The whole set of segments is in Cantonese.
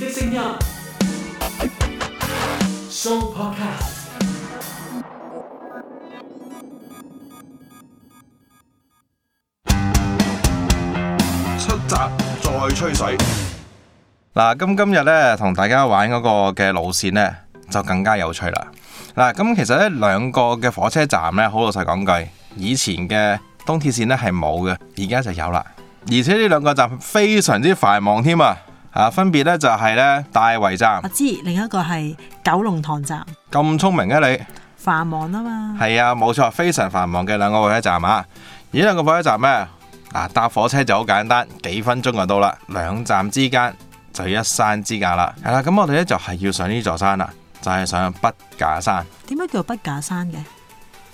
的聲音 s p o 出閘再吹水。嗱，咁今日呢同大家玩嗰個嘅路線呢，就更加有趣啦。嗱，咁其實呢兩個嘅火車站呢，好老實講句，以前嘅東鐵綫呢係冇嘅，而家就有啦。而且呢兩個站非常之繁忙添啊！啊，分別咧就係、是、咧大圍站，我知，另一個係九龍塘站。咁聰明嘅、啊、你，繁忙啊嘛。係啊，冇錯，非常繁忙嘅兩個火車站啊。而兩個火車站咩？嗱、啊，搭火車就好簡單，幾分鐘就到啦。兩站之間就一山之隔啦。係啦、啊，咁我哋咧就係、是、要上呢座山啦，就係、是、上筆架山。點解叫做筆架山嘅？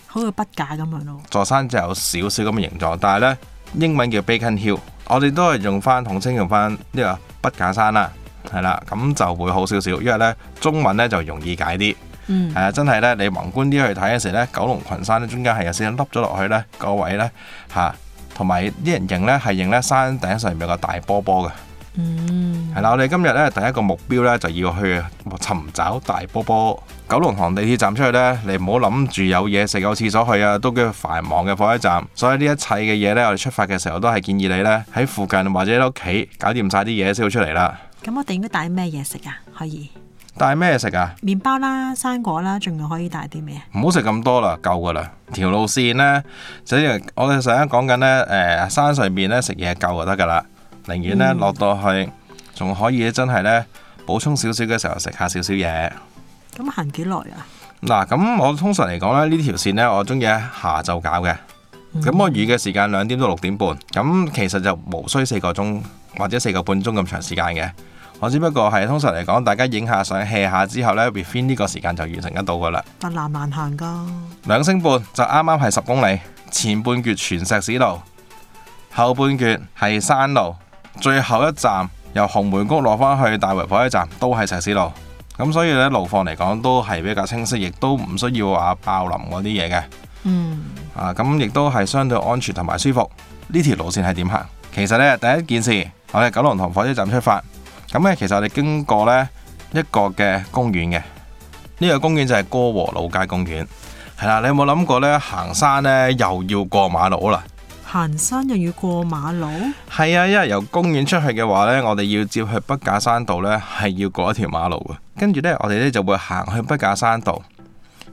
好似筆架咁樣咯。座山就有少少咁嘅形狀，但係咧英文叫 Beacon Hill。我哋都係用翻同稱用翻呢、呢個筆架山啦，係啦，咁就會好少少，因為呢中文呢就容易解啲，係、嗯、啊，真係呢，你宏觀啲去睇嘅時呢，九龍群山呢，中間係有少少凹咗落去呢，嗰個位呢，嚇、啊，同埋啲人認呢，係認呢山頂上面有個大波波嘅。嗯，係啦，我哋今日咧第一個目標咧就要去尋找大波波。九龍塘地鐵站出去呢，你唔好諗住有嘢食，有廁所去啊，都叫繁忙嘅火車站。所以呢一切嘅嘢呢，我哋出發嘅時候都係建議你呢，喺附近或者喺屋企搞掂晒啲嘢先要出嚟啦。咁我哋應該帶咩嘢食啊？可以帶咩嘢食啊？麵包啦、生果啦，仲可以帶啲咩啊？唔好食咁多啦，夠噶啦。條路線咧，就係我哋上一講緊咧，誒、呃、山上面呢，食嘢夠就得噶啦。寧願咧、嗯、落到去，仲可以真係咧補充少少嘅時候食下少少嘢。咁行幾耐啊？嗱，咁我通常嚟講咧，呢條線呢，我中意下晝搞嘅。咁、嗯、我預嘅時間兩點到六點半。咁其實就無需四個鐘或者四個半鐘咁長時間嘅。我只不過係通常嚟講，大家影下、相、hea 下之後呢，within 呢個時間就完成得到噶啦。但難唔難行噶？兩星半就啱啱係十公里，前半截全石屎路，後半截係山路。最後一站由紅梅谷落返去大圍火車站都係石屎路，咁所以咧路況嚟講都係比較清晰，亦都唔需要話爆林嗰啲嘢嘅。嗯，啊咁亦都係相對安全同埋舒服。呢條路線係點行？其實咧第一件事我哋九龍塘火車站出發，咁咧其實我哋經過呢一個嘅公園嘅，呢、呢個公園就係歌和老街公園。係啦，你有冇諗過呢？行山呢，又要過馬路啦？行山又要過馬路？係啊，因為由公園出去嘅話呢，我哋要接去北架山道呢，係要過一條馬路嘅。跟住呢，我哋呢就會行去北架山道。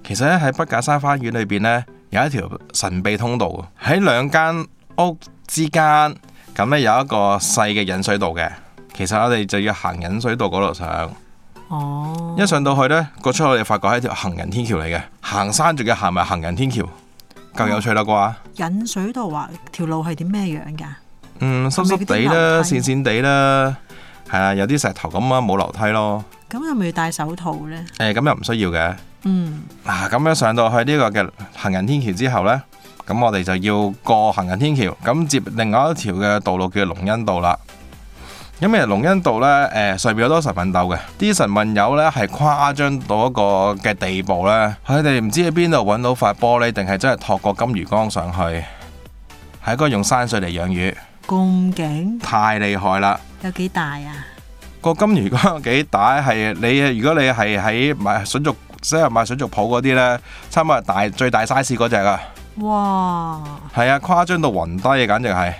其實呢，喺北架山花園裏邊呢，有一條神秘通道喺兩間屋之間，咁呢，有一個細嘅引水道嘅。其實我哋就要行引水道嗰度上。哦。Oh. 一上到去呢，嗰出口我哋發覺係一條行人天橋嚟嘅。行山仲要行埋行人天橋，夠有趣啦啩？Oh. 引水道啊，條路係點咩樣噶？嗯，濕濕地啦，跣跣地啦，係啊，有啲石頭咁啊，冇樓梯咯。咁係咪要戴手套咧？誒，咁又唔需要嘅。嗯，嗱，咁樣上到去呢個嘅行人天橋之後咧，咁我哋就要過行人天橋，咁接另外一條嘅道路叫龍恩道啦。咁誒，因為龍恩道咧，誒上邊好多神問豆嘅啲神問友咧，係誇張到一個嘅地步咧。佢哋唔知喺邊度揾到塊玻璃，定係真係托個金魚缸上去，係一個用山水嚟養魚咁勁，共警太厲害啦！有幾大啊？個金魚缸幾大？係你如果你係喺買水族，即係買水族鋪嗰啲咧，差唔多係大最大 size 嗰隻噶。哇！係啊，誇張到暈低啊，簡直係！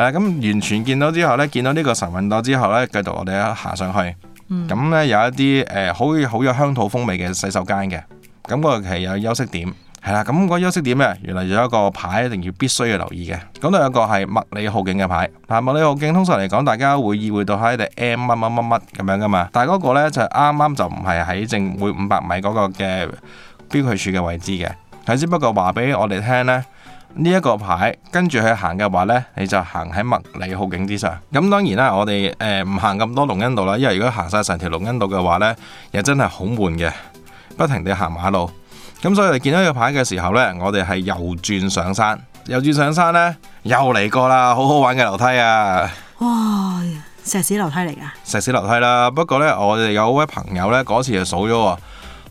誒咁完全見到之後咧，見到呢個神韻島之後咧，繼續我哋咧行上去。咁咧有一啲誒好好有鄉土風味嘅洗手間嘅，咁嗰度係有休息點，係啦。咁個休息點嘅，原來有一個牌一定要必須要留意嘅。咁都有一個係麥理浩徑嘅牌，麥理浩徑通常嚟講，大家會意會到喺第 M 乜乜乜乜咁樣噶嘛。但係嗰個咧就啱啱就唔係喺正每五百米嗰個嘅標距處嘅位置嘅，係只不過話俾我哋聽咧。呢一個牌跟住去行嘅話呢，你就行喺麥理浩徑之上。咁當然啦，我哋誒唔行咁多龍恩道啦，因為如果行晒成條龍恩道嘅話呢，又真係好悶嘅，不停地行馬路。咁所以見到呢個牌嘅時候呢，我哋係右轉上山，右轉上山呢，又嚟過啦，好好玩嘅樓梯啊！哇，石屎樓梯嚟噶？石屎樓梯啦，不過呢，我哋有位朋友呢，嗰次就數咗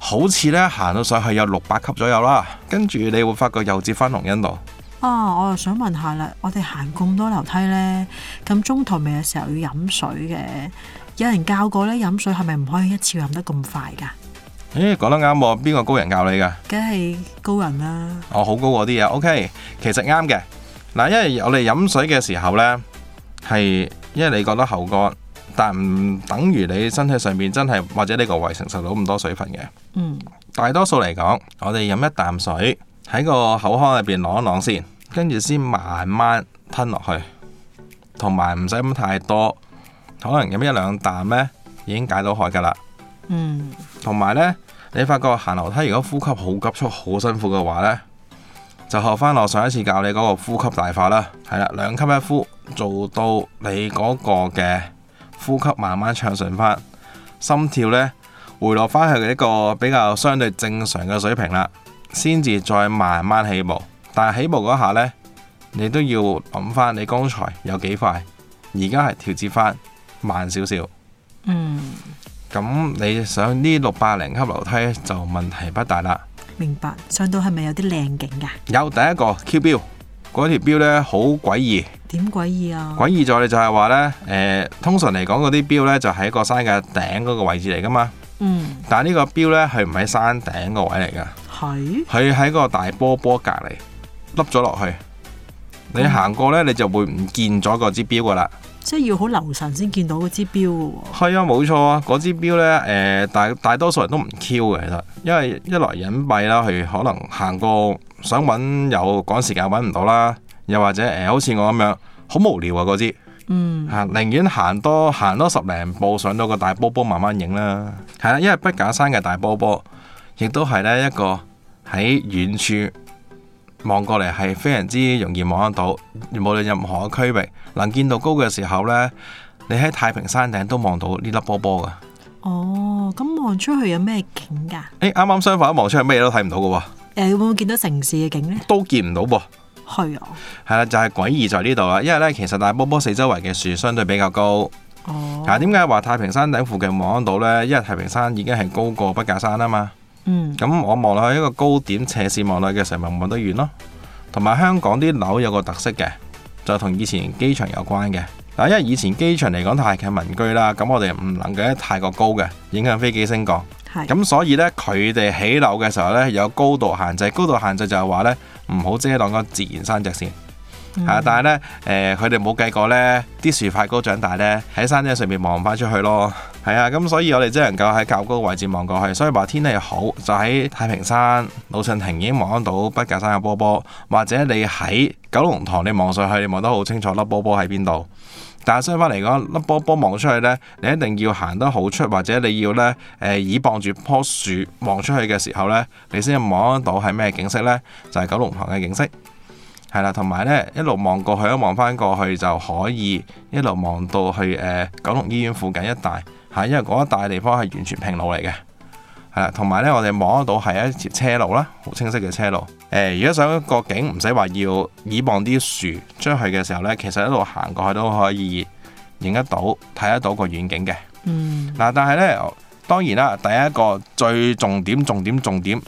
好似咧，行到上去有六百級左右啦，跟住你會發覺又接翻龍欣度。啊，我又想問一下啦，我哋行咁多樓梯呢，咁中途咪有時候要飲水嘅？有人教過呢，飲水係咪唔可以一次飲得咁快噶？誒，講得啱喎。啊，邊個高人教你噶？梗係高人啦。啊。哦，好高嗰啲呀。OK，其實啱嘅。嗱，因為我哋飲水嘅時候呢，係因為你覺得喉乾。但唔等於你身體上面真係或者你個胃承受到咁多水分嘅。大多數嚟講，我哋飲一啖水喺個口腔入邊攞一攞先，跟住先慢慢吞落去，同埋唔使咁太多，可能飲一兩啖呢已經解到渴噶啦。同埋、嗯、呢，你發覺行樓梯如果呼吸好急促、好辛苦嘅話呢，就學返我上一次教你嗰個呼吸大法啦。係啦，兩吸一呼，做到你嗰個嘅，呼吸慢慢暢順翻，心跳呢回落返去一個比較相對正常嘅水平啦，先至再慢慢起步。但係起步嗰下呢，你都要諗返你剛才有幾快，而家係調節返慢少少。嗯，咁你上呢六百零級樓梯就問題不大啦。明白，上到係咪有啲靚景㗎？有，第一個 Q 標。嗰條標咧好詭異，點詭異啊？詭異在你就係話咧，誒、呃，通常嚟講嗰啲標咧就喺一個山嘅頂嗰個位置嚟噶嘛，嗯，但係呢個標咧係唔喺山頂個位嚟噶，係是，佢喺個大波波隔籬，凹咗落去，嗯、你行過咧，你就會唔見咗個支標噶啦，即係要好留神先見到嗰支標噶、哦，係啊，冇錯啊，嗰支標咧，誒、呃，大大多數人都唔 q 嘅，其實，因為一來隱蔽啦，佢可能行過。想揾又趕時間揾唔到啦，又或者誒、呃，好似我咁樣好無聊啊嗰支，嗯嚇，寧願行多行多十零步上到個大波波慢慢影啦。係啦，因為筆架山嘅大波波，亦都係呢一個喺遠處望過嚟係非常之容易望得到，無論任何嘅區域，能見度高嘅時候呢，你喺太平山頂都望到呢粒波波嘅。哦，咁望出去有咩景㗎？啱啱、欸、相反，望出去咩都睇唔到嘅喎。誒，會唔會見到城市嘅景呢？都見唔到噃。哦，係啊，係啦，就係詭異在呢度啦。因為呢，其實大波波四周圍嘅樹相對比較高。哦，點解話太平山頂附近望安島咧？因為太平山已經係高過筆架山啊嘛。嗯，咁我望落去一個高點斜視望落去嘅時候得遠，哦，咪唔咪都遠咯？同埋香港啲樓有一個特色嘅，就同、是、以前機場有關嘅。嗱，因為以前機場嚟講，太近民居啦，咁我哋唔能夠太過高嘅，影響飛機升降。咁所以呢，佢哋起樓嘅時候呢，有高度限制。高度限制就係話呢，唔好遮擋嗰自然山脊線啊！但係呢，誒佢哋冇計過呢啲樹快高長大呢，喺山脊上面望返出去咯。係啊，咁所以我哋只能夠喺較高位置望過去，所以話天氣好就喺太平山、老襯亭已經望到筆架山嘅波波，或者你喺九龍塘你望上去，你望得好清楚粒波波喺邊度。但係相反嚟講，粒波波望出去呢，你一定要行得好出，或者你要呢誒倚傍住棵樹望出去嘅時候呢，你先望得到係咩景色呢？就係、是、九龍塘嘅景色係啦，同埋呢一路望過去，一望返過去就可以一路望到去誒、呃、九龍醫院附近一帶。吓，因為嗰一大地方係完全平路嚟嘅，係啦，同埋咧我哋望得到係一截車路啦，好清晰嘅車路。誒、呃，如果想個景，唔使話要以望啲樹，將去嘅時候咧，其實一路行過去都可以影得到、睇得到個遠景嘅。嗯。嗱、啊，但係咧，當然啦，第一個最重點、重點、重點，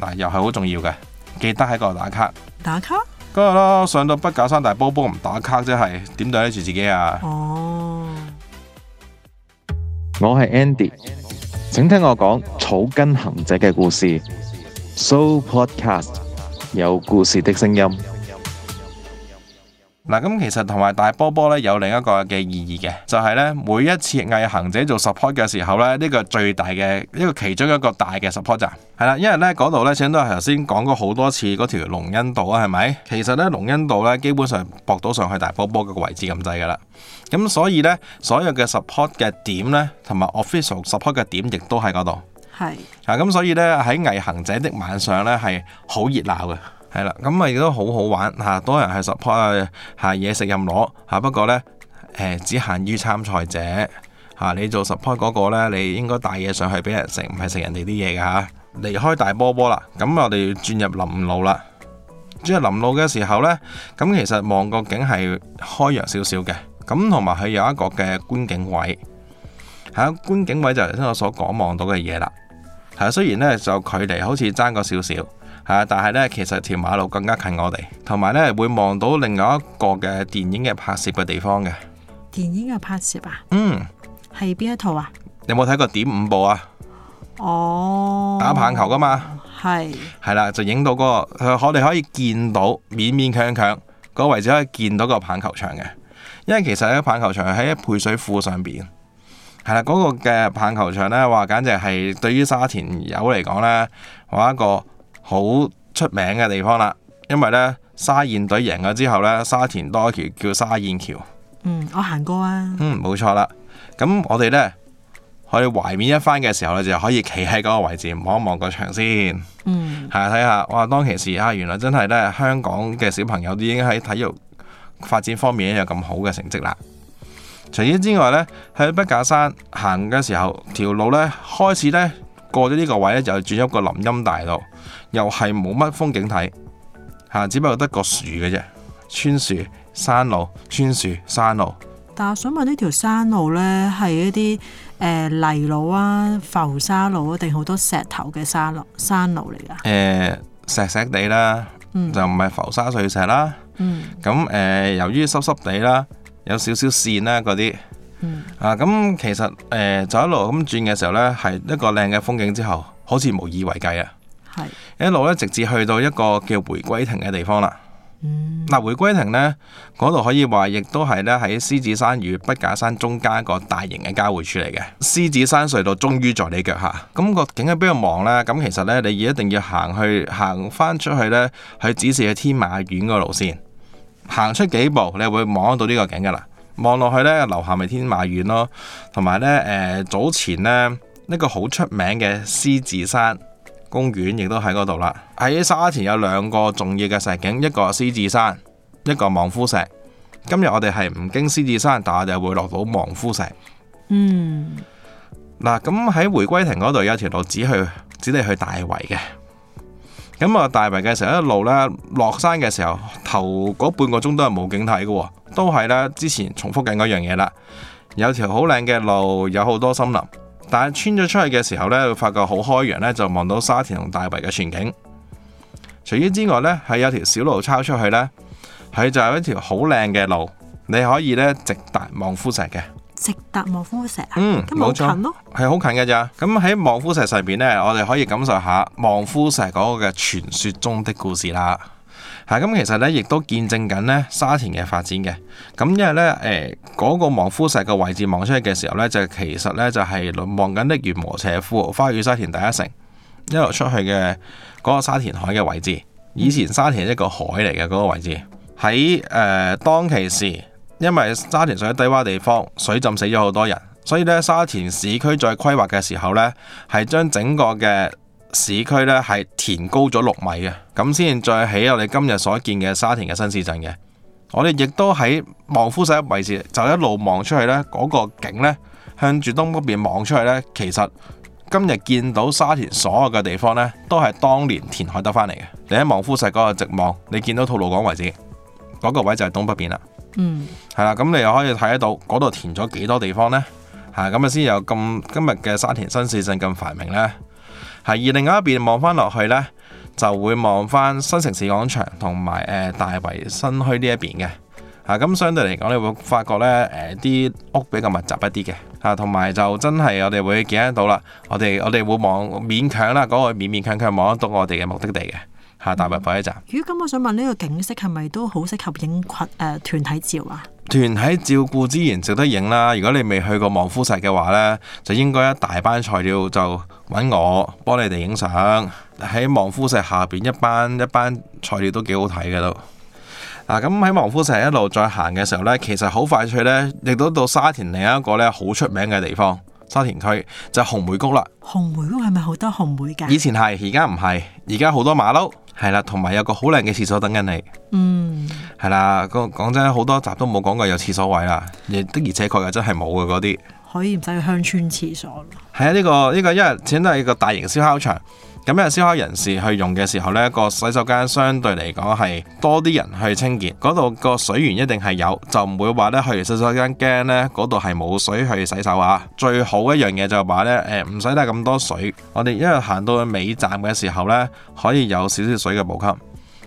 嗱、啊、又係好重要嘅，記得喺嗰度打卡。打卡？嗰個咯，上到筆架山大波波，不唔打卡即係，點對得住自己啊？哦。我係 Andy，請聽我講草根行者嘅故事。So Podcast 有故事的聲音。嗱，咁其實同埋大波波咧有另一個嘅意義嘅，就係、是、咧每一次毅行者做 support 嘅時候咧，呢、這個最大嘅呢、這個其中一個大嘅 support 就係啦，因為咧嗰度咧，先到係頭先講過好多次嗰條龍欣道啊，係咪？其實咧龍恩道咧基本上駁到上去大波波個位置咁滯噶啦，咁所以咧所有嘅 supp support 嘅點咧，同埋 official support 嘅點亦都喺嗰度。係。啊，咁所以咧喺毅行者的晚上咧係好熱鬧嘅。係啦，咁咪亦都好好玩嚇，多人係 support，係嘢食任攞嚇。不過呢誒，只限於參賽者嚇。你做 support 嗰個呢，你應該帶嘢上去俾人食，唔係食人哋啲嘢噶吓。離開大波波啦，咁我哋轉入林路啦。轉入林路嘅時候呢，咁其實望個景係開揚少少嘅，咁同埋佢有一個嘅觀景位，吓觀景位就係我所講望到嘅嘢啦。吓，雖然呢就距離好似爭個少少。啊！但係咧，其實條馬路更加近我哋，同埋咧會望到另外一個嘅電影嘅拍攝嘅地方嘅。嗯。電影嘅拍攝啊？嗯。係邊一套啊？你有冇睇過點五步啊？哦。Oh, 打棒球㗎嘛？係。係啦，就影到嗰個，我哋可以見到勉勉強強嗰個位置可以見到個棒球場嘅，因為其實喺棒球場喺一配水庫上邊。係啦，嗰個嘅棒球場咧，話簡直係對於沙田友嚟講咧，話一個。好出名嘅地方啦，因為呢沙燕隊贏咗之後呢，沙田多一條叫沙燕橋。嗯，我行過啊。嗯，冇錯啦。咁我哋呢去懷緬一番嘅時候呢，就可以企喺嗰個位置望一望個場先。嗯，係睇下，哇，當其時啊，原來真係呢，香港嘅小朋友都已經喺體育發展方面呢有咁好嘅成績啦。除此之外呢，喺筆架山行嘅時候，條路呢開始呢。過咗呢個位咧，就轉咗個林蔭大道，又係冇乜風景睇嚇，只不過得個樹嘅啫，穿樹山路，穿樹山路。但係我想問呢條山路咧，係一啲誒泥路啊、浮沙路啊，定好多石頭嘅沙路山路嚟噶？誒，石石地啦，就唔係浮沙碎石啦。嗯。咁誒，由於濕濕地啦，有少少線啦嗰啲。嗯、啊，咁其實誒、呃，就一路咁轉嘅時候呢，係一個靚嘅風景之後，好似無以為繼啊。是一路呢，直接去到一個叫回歸亭嘅地方啦。嗱、嗯，回歸亭呢，嗰度可以話亦都係呢，喺獅子山與筆架山中間個大型嘅交匯處嚟嘅。獅子山隧道終於在你腳下，咁、那個景喺邊度望咧？咁其實呢，你一定要行去行翻出去呢，去指示去天馬苑個路線，行出幾步，你會望到呢個景噶啦。望落去呢，樓下咪天馬苑咯，同埋呢，誒早前呢，呢個好出名嘅獅子山公園也在那裡，亦都喺嗰度啦。喺沙田有兩個重要嘅石景，一個獅子山，一個望夫石。今日我哋係唔經獅子山，但係我哋會落到望夫石。嗯，嗱，咁喺回歸亭嗰度有條路，只去，只地去大圍嘅。咁啊，大圍嘅時候一路呢，落山嘅時候，頭嗰半個鐘都係冇景睇嘅喎。都係啦，之前重複緊嗰樣嘢啦。有條好靚嘅路，有好多森林，但係穿咗出去嘅時候呢，會發覺好開揚呢，就望到沙田同大圍嘅全景。除此之外呢，係有條小路抄出去呢，係就係一條好靚嘅路，你可以呢直達望夫石嘅。直達望夫石？嗯，咁冇錯，好近咯。係好近嘅咋？咁喺望夫石上邊呢，我哋可以感受下望夫石嗰個嘅傳說中的故事啦。咁其實咧，亦都見證緊咧沙田嘅發展嘅。咁因為咧，嗰、那個望夫石嘅位置望出去嘅時候咧，就其實咧就係、是、望緊的月磨斜夫，花語沙田第一城一路出去嘅嗰、那個沙田海嘅位置。以前沙田係一個海嚟嘅嗰個位置。喺誒、呃、當其時，因為沙田水於低窪地方，水浸死咗好多人，所以咧沙田市區再規劃嘅時候咧，係將整個嘅。市區咧，係填高咗六米嘅，咁先再起我哋今日所見嘅沙田嘅新市鎮嘅。我哋亦都喺望夫石的位置，就一路望出去呢嗰、嗰個景呢，向住東邊望出去呢。其實今日見到沙田所有嘅地方呢，都係當年填海得返嚟嘅。你喺望夫石嗰個直望，你見到吐露港，那個位置嗰個位就係東北邊啦。嗯，係啦，咁你又可以睇得到嗰度填咗幾多少地方呢？吓，咁啊先有咁今日嘅沙田新市鎮咁繁榮咧。係，而另外一邊望返落去呢，就會望返新城市廣場同埋誒大圍新墟，呢一邊嘅，啊咁相對嚟講，你會發覺呢誒啲、欸、屋比較密集一啲嘅，啊同埋就真係我哋會見得到啦，我哋我哋會望勉強啦，嗰、嗰個勉勉強強望到我哋嘅目的地嘅，吓、啊、大圍火車站。咦咁、啊、我想問呢、呢個景色係咪都好適合影群誒團體照啊？團體照顧之然值得影啦。如果你未去過望夫石嘅話呢，就應該一大班材料就搵我幫你哋影相。喺望夫石下邊一班一班材料都幾好睇嘅都。咁喺望夫石一路再行嘅時候呢，其實好快脆呢，亦都到沙田另一個呢好出名嘅地方沙田區，就是，紅梅谷啦。紅梅谷係咪好多紅梅噶？以前係，而家唔係，而家好多馬騮。係啦，同埋有一個好靚嘅廁所等緊你。嗯，係啦，講講真，好多集都冇講過有廁所位啦。的而且確嘅真係冇嘅嗰啲，可以唔使去鄉村廁所。係啊，呢個呢個，因為整都係一個大型燒烤場。咁有燒烤人士去用嘅時候，呢個洗手間相對嚟講係多啲人去清潔，嗰度個水源一定係有，就唔會話呢去完洗手間驚呢嗰度係冇水去洗手啊。最好一樣嘢就係話呢，誒唔使帶咁多水，我哋因為行到去尾站嘅時候呢，可以有少少水嘅補給。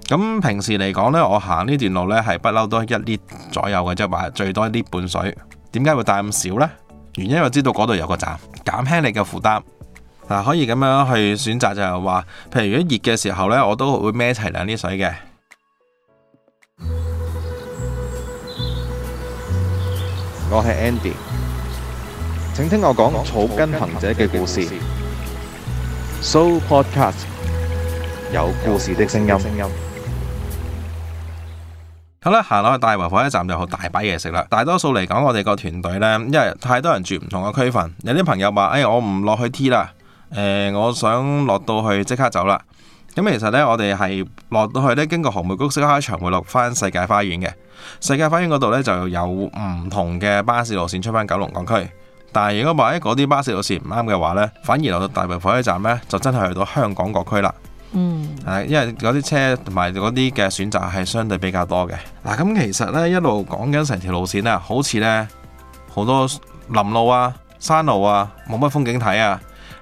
咁平時嚟講呢，我行呢段路呢係不嬲都一 L 左右嘅啫，話最多一 L 半水。點解會帶咁少呢？原因我知道嗰度有個站，減輕你嘅負擔。嗱、啊，可以咁樣去選擇，就係、是、話，譬如如果熱嘅時候呢，我都會孭齊兩啲水嘅。我係 Andy，請聽我講草根行者嘅故事。So Podcast 有故事的聲音。好啦，行落去大圍火車站就好大把嘢食啦。大多數嚟講，我哋個團隊呢，因為太多人住唔同嘅區份，有啲朋友話，哎，我唔落去 T 啦。誒、呃，我想落到去即刻走啦。咁其實呢，我哋係落到去咧，經過紅梅谷，熄開場會落翻世界花園嘅世界花園嗰度呢，就有唔同嘅巴士路線出返九龍港區。但係如果買嗰啲巴士路線唔啱嘅話呢，反而落到大圍火車站呢，就真係去到香港各區啦。嗯，因為嗰啲車同埋嗰啲嘅選擇係相對比較多嘅嗱。咁其實呢，一路講緊成條路線咧，好似呢，好多林路啊、山路啊，冇乜風景睇啊。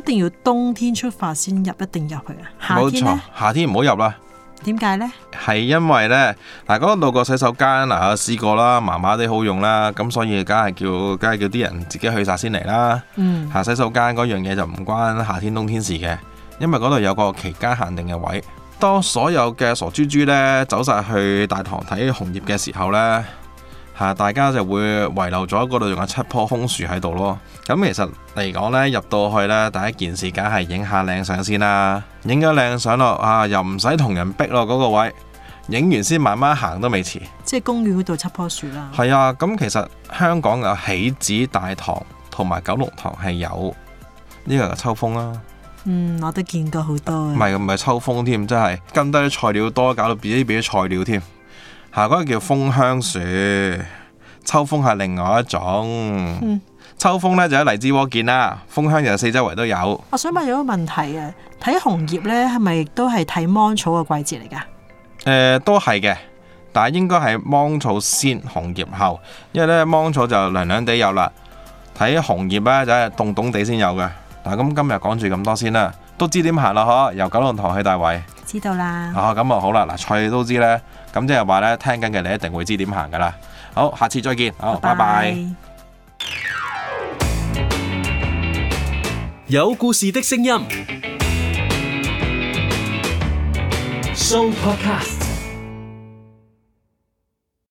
一定要冬天出發先入，一定入去啊！冇錯，夏天唔好入啦。點解呢？係因為呢嗱，嗰度個洗手間嗱，我試過啦，麻麻地好用啦。咁所以，梗係叫，梗係叫啲人自己去晒先嚟啦。嗯，洗手間嗰樣嘢就唔關夏天冬天事嘅，因為嗰度有個期間限定嘅位。當所有嘅傻豬豬呢走晒去大堂睇紅葉嘅時候呢。嚇、啊！大家就會遺留咗嗰度，仲有七棵楓樹喺度咯。咁其實嚟講呢，入到去呢，第一件事梗係影下靚相先啦。影咗靚相咯，啊又唔使同人逼咯，嗰、那個位影完先慢慢行都未遲。即係公園嗰度七棵樹啦。係啊，咁其實香港有喜子大棠同埋九龍塘係有呢、這個秋風啦、啊。嗯，我都見過好多。唔係唔係秋風添，真係跟低啲材料多，搞到自己俾啲材料添。吓，嗰、啊那個叫風香樹，秋風係另外一種。嗯、秋風呢就喺荔枝窩見啦，風香就四周圍都有。我想問有個問題啊，睇紅葉呢係咪都係睇芒草嘅季節嚟噶？都係嘅，但係應該係芒草先，紅葉後，因為呢芒草就涼涼地有啦，睇紅葉呢就係凍凍地先有嘅。嗱，咁今日講住咁多先啦，都知點行啦？嗬，由九龍塘去大圍，知道啦。哦、啊，咁啊好啦，嗱，菜都知呢。咁即係話咧，聽緊嘅你一定會知點行噶啦。好，下次再見。好，拜拜。有故事的聲音。Show Podcast。